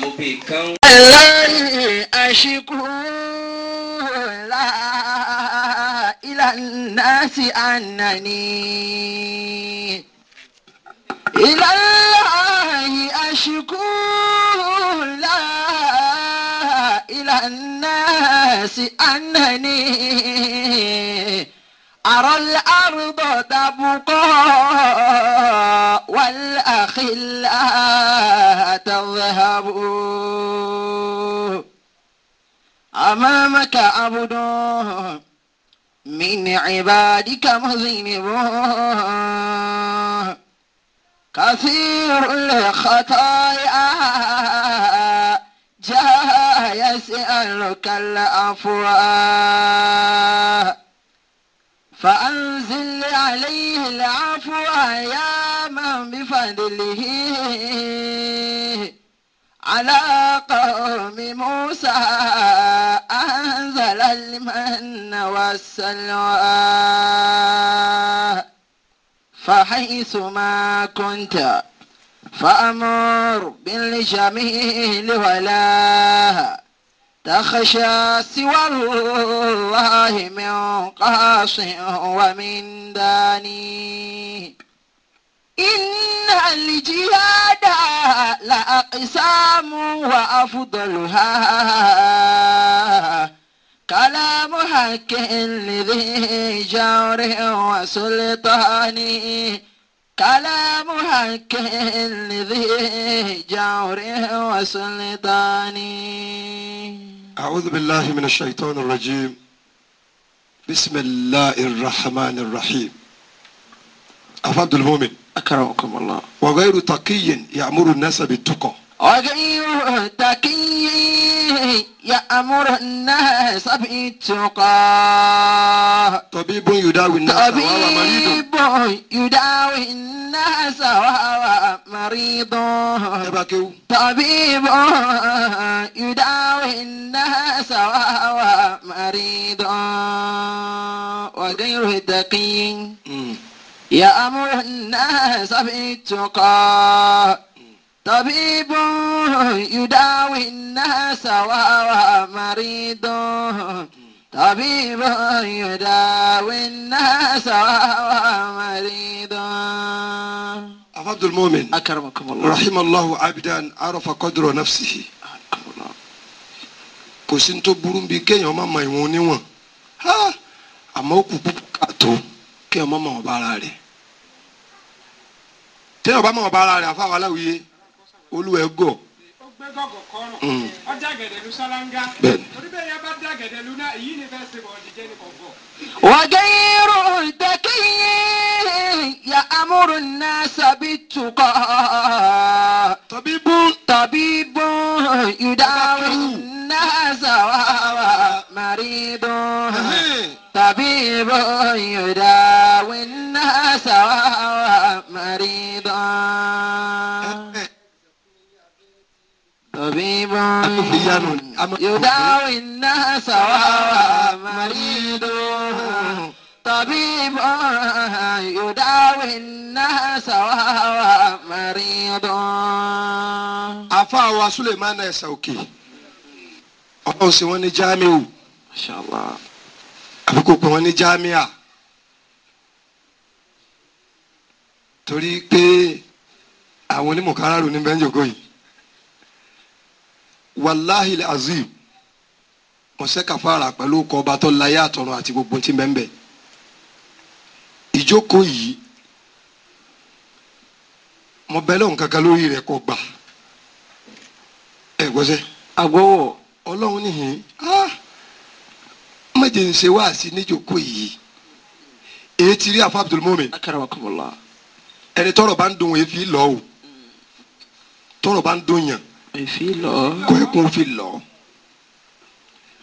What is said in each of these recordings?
mo bè kán. ẹlẹ́rìí àṣìkú ńlá ìlànà sí ànàní. ìlànà àṣìkú ńlá ìlànà sí ànàní. أرى الأرض تبقى والأخلاء تذهب أمامك عبد من عبادك مذنب كثير الخطايا جاء يسألك الأفواه فأنزل عليه العفو يا من بفضله على قوم موسى أنزل المن والسلوى فحيث ما كنت فأمر بالجميل ولاه تخشى سوى الله من قاص ومن داني إن الجهاد لأقسام وأفضلها كلام حق لذي جور وسلطان كلام حق لذي جور وسلطان أعوذ بالله من الشيطان الرجيم بسم الله الرحمن الرحيم أفاد المؤمن أكرمكم الله وغير تقي يأمر الناس بالتقى وغير تقي الله يأمر الناس بالتقى طبيب يداوي الناس طبيب يداوي الناس وهو مريض طبيب يداوي الناس وهو مريض وغيره تقي يأمر الناس بالتقى طبيب يداوي الناس وهو مريض طبيب يداوي الناس وهو مريض عبد المؤمن أكرمكم الله رحم الله عبدا عرف قدر نفسه kò sí tó burú bíi kéèyàn má mọ ìwọ̀n oníwọ̀n àmọ́ ó kù púpọ̀ kàtó kéèyàn má mọ ọba ara rẹ̀ téèyàn bá mọ ọba ara rẹ̀ àfáwọn aláwìyé olúwa ẹ gọ̀. ó gbé gọ̀gọ̀ kọ́rùn mm. ó dàgẹ̀dẹ̀ lu sálángá torí bẹ́ẹ̀ yẹn bá dàgẹ̀dẹ̀ lu náà èyí ni fẹ́ẹ́ ṣe bọ̀ ọ̀dìjẹ́ ni kò wàjẹ́ irú ìdẹ́kí ya amúrú náà sàbí tukọ̀. tàbí bún. tàbí bún yudáwó náà sàwáwá màrídùn. tàbí bún yudáwó náà sàwáwá màrídùn. طبيب يداوي الناس وهو مريض طبيب يداوي الناس وهو مريض àfáà wa Suleiman ẹ̀sà òkè ọlọ́run sì wọ́n ní jamiu àbí kò pè wọ́n ní jamia torí pé àwọn onímọ̀ káràrò ní bẹ́ńjọ́gọ́ wàláhì azim mo ṣe kàfàrà pẹ̀lú ọkọ̀ ọba tó láyé àtọ̀run àti gbogbo ti bẹ́ẹ̀ ìjókòó yìí mo bẹ lọ́hùn kankan lórí rẹ̀ kò gbà ẹ gbọ́sẹ̀. àgbọ̀wọ̀. ọlọ́run nìyí méje ń ṣe wáàsí níjókòó yìí èyí ti rí afa Abdul ẹni tọrọ bá ń dun èéfì lọ o bá ń dun èéfín lọ. kò yẹ kó fi lọ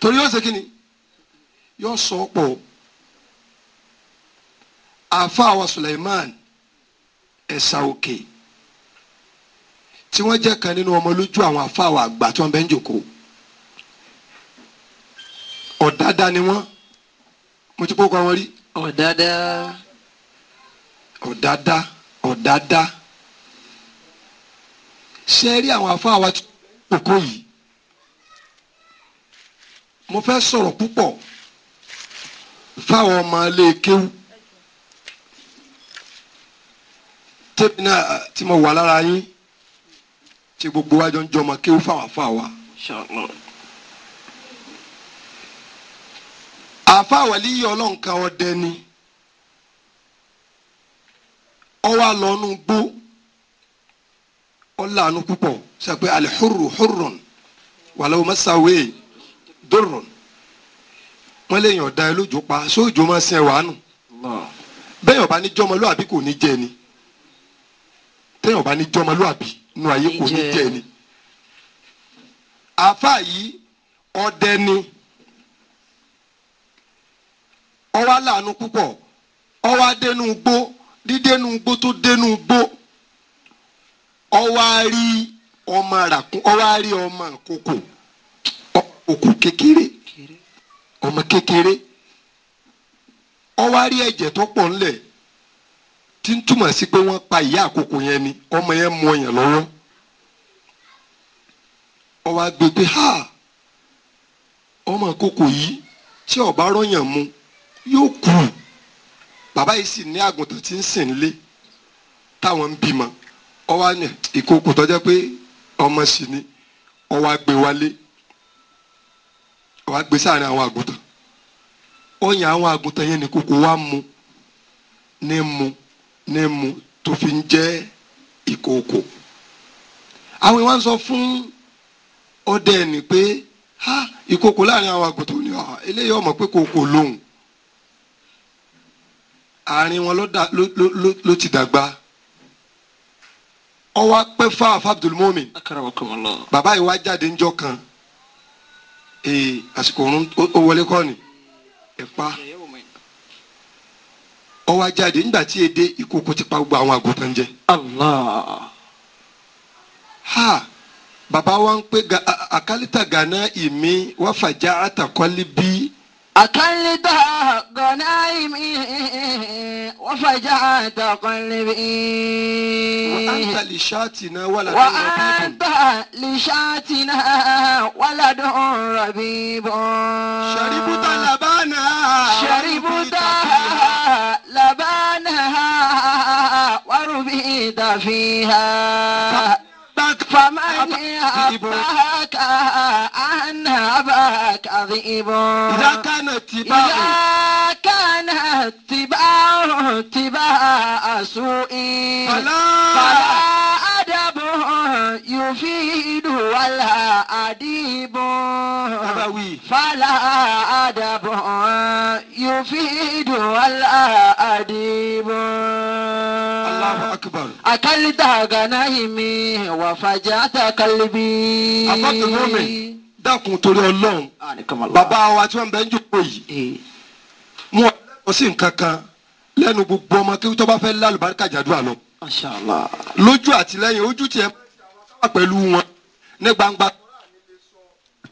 torí yóò ṣe kí ni yóò sọ pọ̀ àfa àwa Suleiman ẹ̀sà òkè tí wọ́n jẹ́ kan nínú ọmọ lójú àwọn àfa àwa àgbà tí wọ́n bẹ́ ń jòkó ọ̀dádá ni wọ́n mo ti kó kọ́ wọn rí. ọ̀dádá. ọ̀dádá ọ̀dádá ṣe rí àwọn àfáà wa òkò yìí mo fẹ́ sọ̀rọ̀ púpọ̀ fáwọn ọmọ ilé kéwú tèmi náà tí mo wà lára yín tí gbogbo wa jọ ń jọmọ kéwú fáwọn àfáà wa. àfáà wà líyìí ọlọ́nkà ọdẹ ni ọwọ́ àlọ́nu gbó ó láàánú púpọ̀ sọ pé alihurru hurrun wàlọ́ masawe durrun wọ́n lè yàn da ẹ lójó pa sóòjó máa sin ẹwà nù bẹ́ẹ̀ ọba ní jọmọlúàbí kò ní jẹ ni téèyàn bá ní jọmọlúàbí nù ayé kò ní jẹ ni àáfàá yìí ọdẹ ni ọwọ́ aláàánú púpọ̀ ọwọ́ adẹnu gbó dídẹnu gbó tó dẹnu ọwárí ọmọ ràkún ọwárí ọmọ àkókò òkú kékeré ọmọ kékeré ọwárí ẹ̀jẹ̀ tó pọ̀ ńlẹ̀ tí ń túmọ̀ sí pé wọ́n pa ìyá àkókò yẹn ni ọmọ yẹn mú ọyàn lọ́wọ́ ọwọ́ ha ọmọ àkókò yìí tí ọba rọyàn mu yóò kú bàbá yìí sì ní àgùntàn tí ń sìn lé táwọn ó wá ní ìkókò tó jẹ́ pé ọmọ sì ni ó wá gbé wálé ó wá gbé sáàrin àwọn àgùntàn ó yan àwọn àgùntàn yẹn ní kókò wá mu ní mu ní mu tó fi ń jẹ́ ìkókò àwọn ìwà ń sọ fún ọdẹ ẹni pé ha ìkókò láàrin àwọn àgùntàn ni eléyìí ọmọ pé kókò lóhùn àárín wọn ló ti dàgbà ọwọ́ pẹ́ fáwọn fàbdùlmọ́mì bàbá yìí wá jáde ńjọ́ kan àsìkò òun ó wọlé kọ́ ni ẹ̀pá ọwọ́ jáde nígbà tí èdè ìkókó ti pa gbogbo àwọn àgùntàn jẹ. bàbá wa ń pè àkálítà gánà ìmí wàfàjà àtàkọ́lé bíi. أكل ضاق نايمي وفجعت قلبي وأنت لشاتنا ولد وأنت لشاتنا ولد ربيب شربت لبانا شربت لبانها وربيت فيها فمن أباك أن أباك ذئب إذا كان اتباع إذا كان اتباع اتباع سوء فلا, فلا أدب يفيد wàlà adibu, Bàbá wí. Fàlà àdàbọ̀ yóò fi dùn wàlà àdìbò. Allahu akbar. Àkàlítà gànà ìmí wà fàjà tà kálíbí. Àbọ̀tò lómi dákun torí ọlọ́run. Bàbá wa tí wọ́n bẹ ń jókòó yìí. Mo eh. ọ̀ sí nǹkan lẹ́nu gbogbo ọmọ kí tó fẹ́ lálùbáríkà jàdúrà lọ. lójú àtìlẹ́yìn ojú tiẹ̀ pẹ̀lú wọn ní gbangba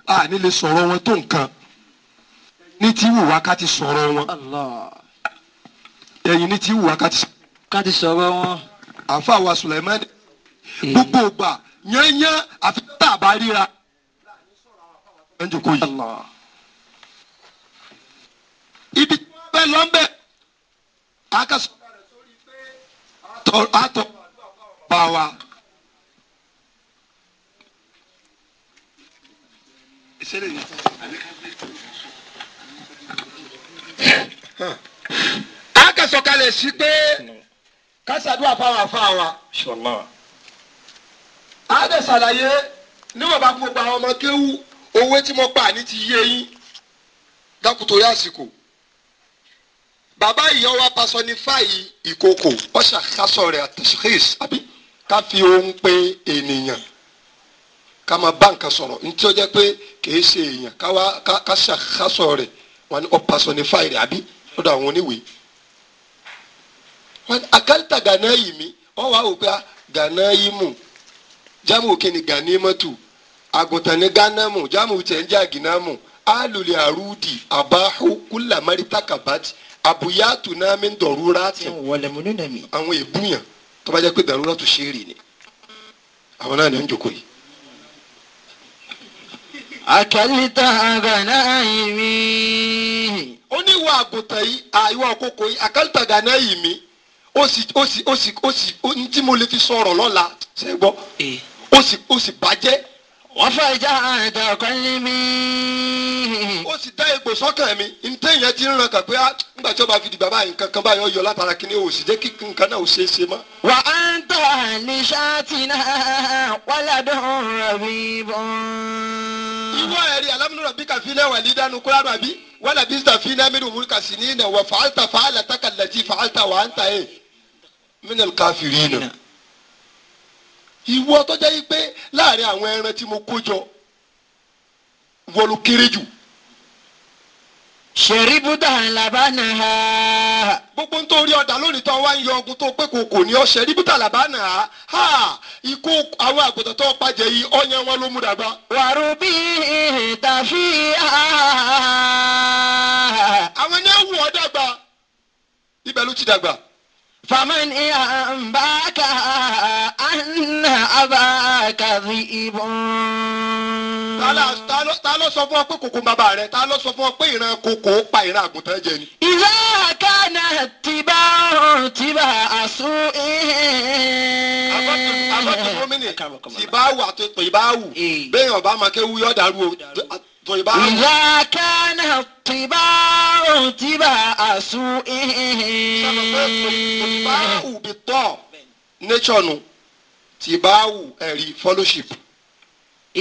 a ní lè sọ̀rọ̀ wọn tó nǹkan ní tí wù wá ká ti sọ̀rọ̀ wọn ẹ̀yìn ní tí wù wá ká ti sọ̀rọ̀ wọn. àfa wa Sulaimani gbogbo ògbà yányán àfi tá a bá ríra ẹ̀ yìí. ibi tí wọ́n bẹ lọ́nbẹ̀ akásọ̀ àtọ̀ bá wa. sẹ́lẹ̀ yìí àníkàgbé tó ń sọ. a kà sọ̀kalẹ̀ sí pé kásádùá fáwọn afáwa wa. a lè ṣàlàyé níwọ̀n bá gbogbo àwọn ọmọ kéwú owó tí mo pa ní ti yé yín dákútó yá àsìkò bàbá ìyá wa pasọ́nifáì ìkòkò ọ̀ṣà kásọ̀ rẹ̀ àtẹ̀síkèsì àbí ká fi ohun pé ènìyàn kama banka bá nǹkan sọ̀rọ̀ ní tí ó jẹ́ pé kìí ṣe èèyàn káwá ká ṣàkásọ rẹ̀ wọn ni ó personify rẹ̀ àbí lọ́dọ̀ àwọn oníwèé. wọn àkàlítà gànáà yìí mi wọn wá wò pé ah, gànáà yìí mù jámù kìíní gànáà mọ́tò àgùntàn ní gànáà mù jámù tẹ̀ ń jà gìnáà mù alùlẹ̀ àrùdì àbáhù kùlàmárì tàkàbàtì àbùyàtù náà mi ń dọ̀rúra tẹ̀. àwọn èbúyàn tó bá jẹ́ ni àwọn náà ní ń jòkó àkàlítà àgànà àyìnmí. ó ní ìwà àgùntàn yìí àìwà òkòkò yìí àkàlítà àgànà àyìnmí ó sì ó sì ó sì ó sì ní tí mo lè fi sọ̀rọ̀ lọ́la ṣe gbọ́ eh. ó sì ó sì bàjẹ́ wọ́n fẹ́ já àdàkọ́ ní mi. ó sì dá egbò sọ́kàn mi ntẹ́ yẹn ti ń ràn kàn pé ah, nígbà tí ó bá fi di bàbá yìí kankan báyọ̀ yọ látara kí ni o sì jẹ́ kí nǹkan náà ó ṣe é ṣe mọ́. wà á ń tọ́ ní ṣáàtì náà wàládùn rẹ̀bí bọ́. ìwọ ẹ̀rí alámúnúrọ̀ bí kàfínà wà ní dánú kúránù àbí wàlà bí sàfínà mẹ́rin òmùrù kà sí ní ìnà fàáltà fàáltà wà ìwọ tó jẹ́ pé láàrin àwọn ẹran tí mo kó jọ wọ́n ló kéré jù. ṣèríbùdà làbá nà á. gbogbo nítorí ọ̀dà lónìí tó wá ń yọ ọgùn tó pé kò kò ní ọ ṣèríbùdà làbá nà ikú àwọn àgùntàn tó pàjẹ́ yìí ọ̀yàn wọn ló mú dàgbà. wàrú bí ìtàfí àwọn ní ẹ̀wù ọ̀dàgbà ibẹ̀ ló ti dàgbà. فمن ينباك أن أباك ذئب. ta ló sọ fún ọ pé kòkó bàbá rẹ ta sọ fún ọ pé ìran kòkó pa ìran àgùntàn jẹ ni. ìlà kánà tìbà tìbà àṣù ìhìn. abọ́tò gómìnà tìbáwù àti tìbáwù bẹ́ẹ̀ ọba máa kéwu yọ̀ọ́ dàrú o. طباع إذا كان الطباع طباع سوء طباع بالطاع nature nu tìbáwù ẹ̀rí fellowship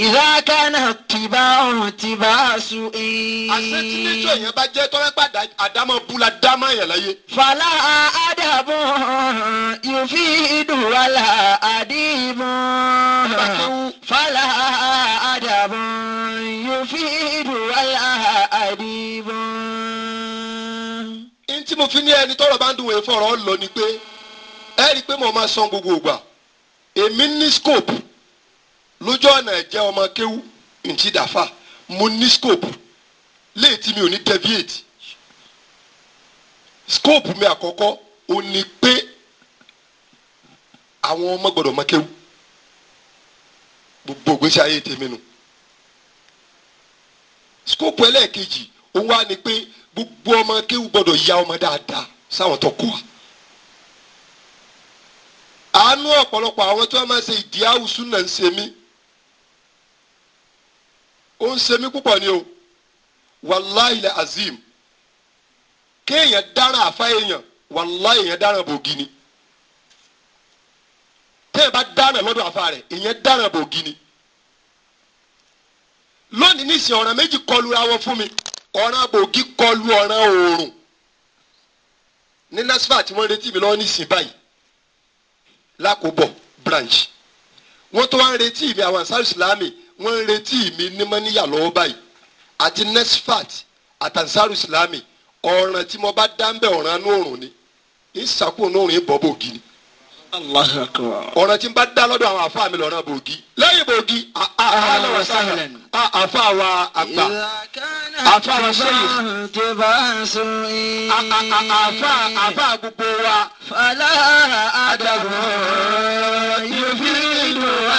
ìdá kánà tìbá ọ̀hún tìbá àṣù ìyí. àṣẹ tí níjọ yẹn bá jẹ́ tọ́lẹ́ pàdé àdámọ̀ búla dámọ̀ yẹn láyé. fàlà àdàbọ̀ yòófì ìdùnwàlà àdìmọ̀. fàlà tí mo fi ní ẹni tọ́rọ̀ bá ń dùn wẹ̀ fọ̀rọ̀ lọ ni pé ẹ rí i pé mo máa san gbogbo ògbà èmi ní scope lójú ọ̀nà ẹ̀jẹ̀ ọmọ kéwú ntí dàfà mo ní scope léètì mi ò ní deviate scope mi àkọ́kọ́ ò ní pé àwọn ọmọ gbọ́dọ̀ mọ kéwú gbogbo ìgbésí ayé tèmi nù scope ẹlẹ́ẹ̀kejì òun wá ni pé gbogbo ọmọ kéwú gbọ́dọ̀ ya ọmọ dáadáa sáwọn tó kọ́ wa àánú ọ̀pọ̀lọpọ̀ àwọn tí wọ́n máa ń ṣe ìdí àwùsùn náà ń ṣe mí ó ń ṣe mí púpọ̀ ni o wàláì la azim kéèyàn dára àfa èèyàn wàláì èèyàn dára bògì ni téèyàn bá dára lọ́dọ̀ àfa rẹ̀ èèyàn dára bògì ni lónìí nísìnyí ọ̀ràn méjì kọlu ra wọn fún mi ọ̀ràn bògì kọlu ọ̀ràn òòrùn ní nasfa tí wọ́n retí mi lọ́wọ́ nísìnyí báyìí lákòbọ̀ branch wọ́n tó wá ń retí mi àwọn àṣà ìsìlámì wọ́n ń retí mi ní mọ́níyà lọ́wọ́ báyìí àti nesfat àtànsáru islami ọ̀ràn tí mo bá dá ọ̀ràn anú òrùn ni ìsàkó òrùn yìí bọ́ bògì ni. ọ̀ràn tí n bá dá lọ́dọ̀ àwọn àfa mi lọ́ràn bògì lẹ́yìn bògì àfa wa àgbà àfa wa sẹ́yìn àfa gbogbo wa. fàlà yóò fi lè lò wá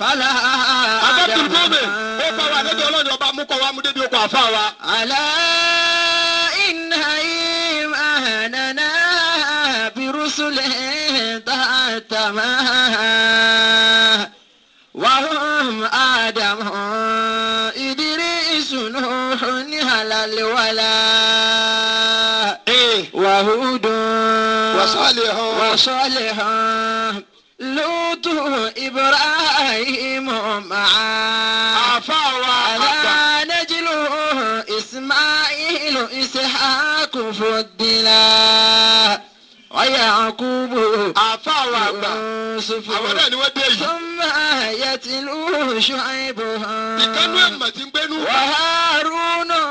fàlà àdàmà. abẹ́kùn gómè ó kọ́ wa níbi ọlọ́run ọba mú kọ́ wa mú débi okùn àfa wa. àlà iná im ànànà bírúsùlẹ̀ tààtàmà wàhùn àdàmà ìdírí ìsúná ní àlàlẹ́ wàlà. وهود وصالح وصالح لوط إبراهيم معا على نجل إسماعيل إسحاق فضلا ويعقوب àfàwọn àgbà àwọn náà ni wọ́n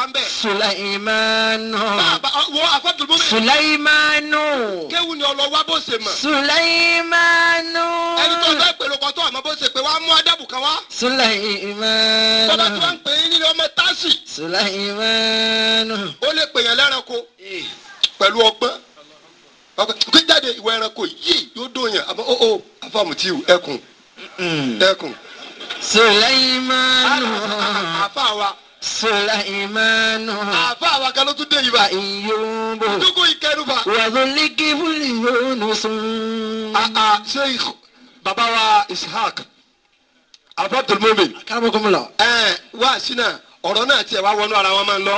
pa ń bẹ̀. sulaimanu. wo àkọ́tù mú mi. sulaimanu. kéwù ni ọlọ wa bó ṣe mọ̀. sulaimanu. ẹni tó fẹ́ pèrò kan tó àmọ́ bó ṣe pé wàá mú adábù kan wá. sulaimanu. tọ́ba tí wọ́n ń pè é nínú ọmọ táṣì. sulaimanu. ó lè pèyàn lẹ́ranko eh. pẹ̀lú ọgbọ́n ọgbọ́n jáde ìwà ẹranko yìí yóò dóyàn àmọ́ ó ó àfàmùtí ẹkùn ẹkùn. sulaimanu. Ah, ah, ah, àfa wa. Sulaimanu. Àbá àwọn kan ló tún dé yìí bá. Ìyóòbò. Dúkú ìkẹrùbà. Wàzúlí Gíbúlì Yunusun. Àà ah, Sheikh ah, Baba wa Ishaq Abu Abdul Mumin. Akáàmọ́kọ́mọ́lá. Ẹ wá sínú ọ̀rọ̀ náà tiẹ̀ wá wọnú ara wọn máa ń lọ.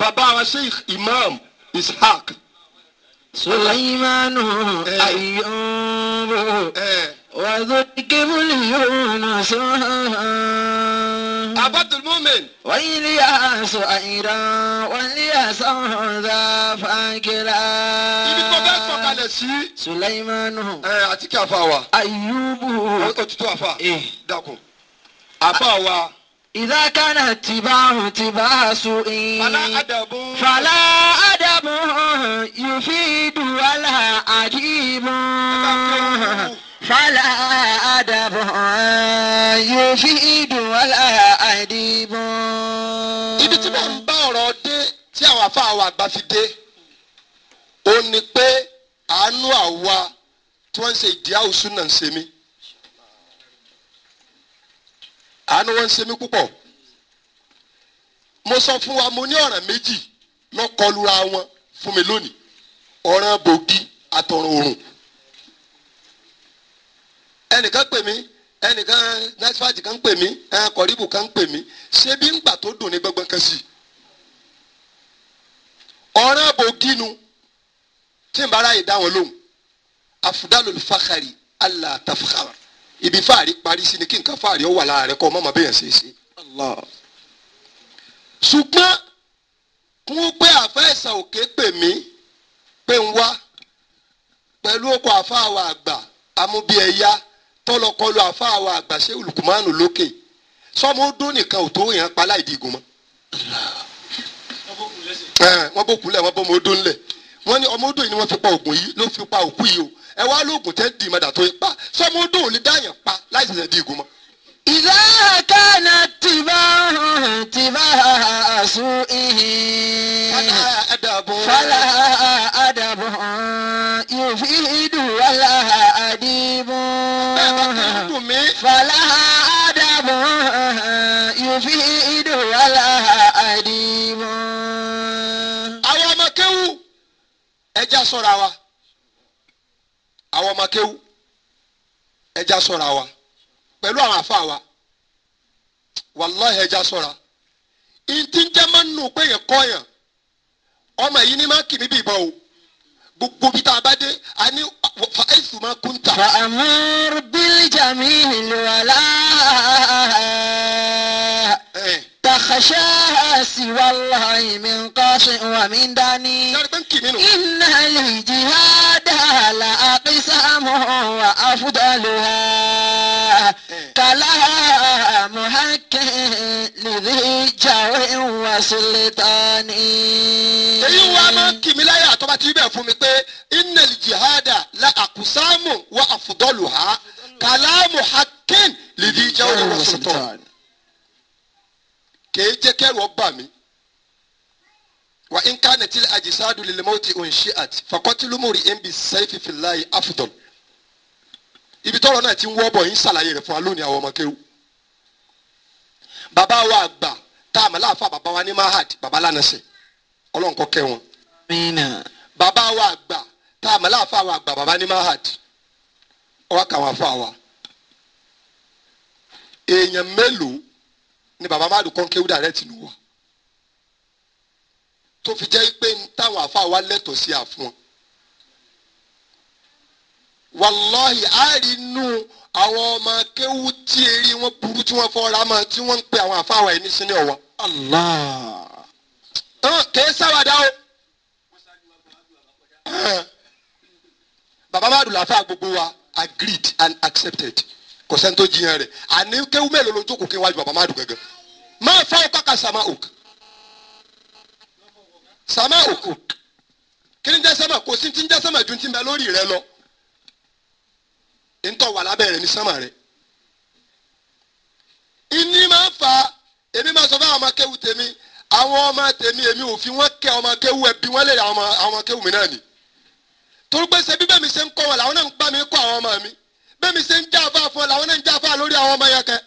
Bàbá wa Sheikh Imam Ishaq. Sulaimanu Ayyubu. وذكب اليونس عبد المؤمن والياس أيرا والياس ذا فاكرا ibi tó bẹ́ẹ̀ sọ̀kalẹ̀ sí. Sulaimanu. ẹ àti kí afa wa. Ayubu. o tutu afa. ee dákun. afa wa. إذا كان اتباع اتباع سوء فلا أدب فلا أدب يفيد ولا عجيب فلا أدب يفيد ولا أديب. ibi tí wọ́n ń bá ọ̀rọ̀ dé tí àwọn afáwọn àgbà fi dé ó ní pé àánú àwa tí wọ́n ń ṣe ìdí àwùsùn náà ń ṣe mí àánú wọn ń ṣe mí púpọ̀ mo sọ fún wa mo ní ọ̀ràn méjì lọ́kọlura wọn fún mi lónìí ọ̀ràn bògì àtọ̀ràn òrùn ẹnìkan pè mí ẹnìkan nasfati kan pè mí ẹn kọ̀ríbù kan pè mí ṣé bí ń gbà tó dùn ní gbọ́ngbọ́n kan sí i ọ̀ràn tí n bá ráyè dá wọn lóhùn afudalul fakari allah tafakar ibi fáàrí parí sí ni kí nǹkan fáàrí ó wà lára rẹ kọ́ ọmọ bẹ́ẹ̀ ṣe é ṣe allah ṣùgbọ́n kún pé àfẹ́sà òkè pè mí pé ń wá pẹ̀lú ọkọ̀ àfáàwọ̀ àgbà amúbíẹ̀yá tọlọkọlu àfa wa àgbàṣe olùkùmánù lókè sọmọ ọdún nìkan ò tó yàn pa láì digun mọ. wọ́n bó kulẹ̀ wọ́n bó ọmọ ọdún lẹ̀ wọ́n ní ọmọ ọdún yìí ni wọ́n fi pa ògùn yìí ló fi pa òkú yìí o ẹ wá lóògùn tẹ́ di ìmọ̀dà tó pa sọmọ ọdún ò lè dáyàn pa láì ṣẹ̀ṣẹ̀ digun mọ. ìlà kánà tìbá tìbá àṣù ìhìn fàlà àdàbọ̀. fi ìdò yálà àdìmọ́. àwọn ọmọ kéwú ẹja sọ́ra wa àwọn ọmọ kéwú ẹja sọ́ra wa pẹ̀lú àwọn àfa wa wàláhì ẹja sọ́ra ìdí ń jẹ́ máa ń nù pé yẹn gbogbo bí tá a bá a ní fa ẹ̀sùn máa kún fa amúr bílí jàmí nìlú aláà. خشاها سوى الله من قاطع ومن داني إن الجهاد لأقسام وأفضلها كلها محك لذي جوع وسلطان. èyí wá máa ń kì mí إن الجهاد لأقسام وأفضلها كلام حق لذي جو وسلطان kèé jẹ́ kẹ́rù ọba mi wa inkanet il ajisadu lil mauti unshiat fakotilumuri mb saifi filayi afudol ibi tọ́rọ̀ náà ti ń wọ́ bọ̀ yín ṣàlàyé rẹ̀ fún wa lónìí àwọn ọmọ kéwú bàbá wa àgbà tá a mọ̀ láàfà bàbá wa ní mahad bàbá lánàṣẹ ọlọ́run kọ́ wọn bàbá wa àgbà tá a mọ̀ láàfà wa àgbà bàbá ní mahad ọwọ́ kà wọ́n fà èèyàn mélòó ni baba amadu kọ́ńkéwú direct nù wọ́n tó fi jẹ́ pé táwọn àfa wa lẹ́tọ̀ọ́ sí àfún wọn wàláhì àárínú àwọn ọmọ kéwú tí eré wọn burú tí wọn fọra mọ tí wọn ń pe àwọn àfa wa ẹni sínú ọwọ. Allah kèé sáwàdà o baba amadu làfà gbogbo wa agreed and accepted kò sẹ́ni tó jiyàn rẹ̀ àní kéwú mélòó ló jókòó kéwájú bàbá má dùn gẹ́gẹ́ máa fọ́ ọkọ ka sàmà òkè sàmà òkè kí ni jẹ́ sàmà kò sí ti ń jẹ́ ju ti ń bẹ lórí rẹ lọ ntọ́ wà lábẹ́ ní sàmà rẹ ìní máa fa èmi máa sọ fún àwọn ọmọ kéwú tèmi àwọn ọmọ tèmi èmi ò fi wọ́n kẹ́ ọmọ kéwú ẹbí wọ́n lè àwọn ọmọ kéwú mi náà ni torí pé ṣe bíbẹ́ mi ṣe ń kọ́ wọn làwọn náà ń gbá mi kọ́ àwọn ọmọ mi bẹ́ẹ̀ mi ṣe ń jáfa fún ọ làwọn náà ń jáfa lórí àwọn ọmọ yẹn kẹ́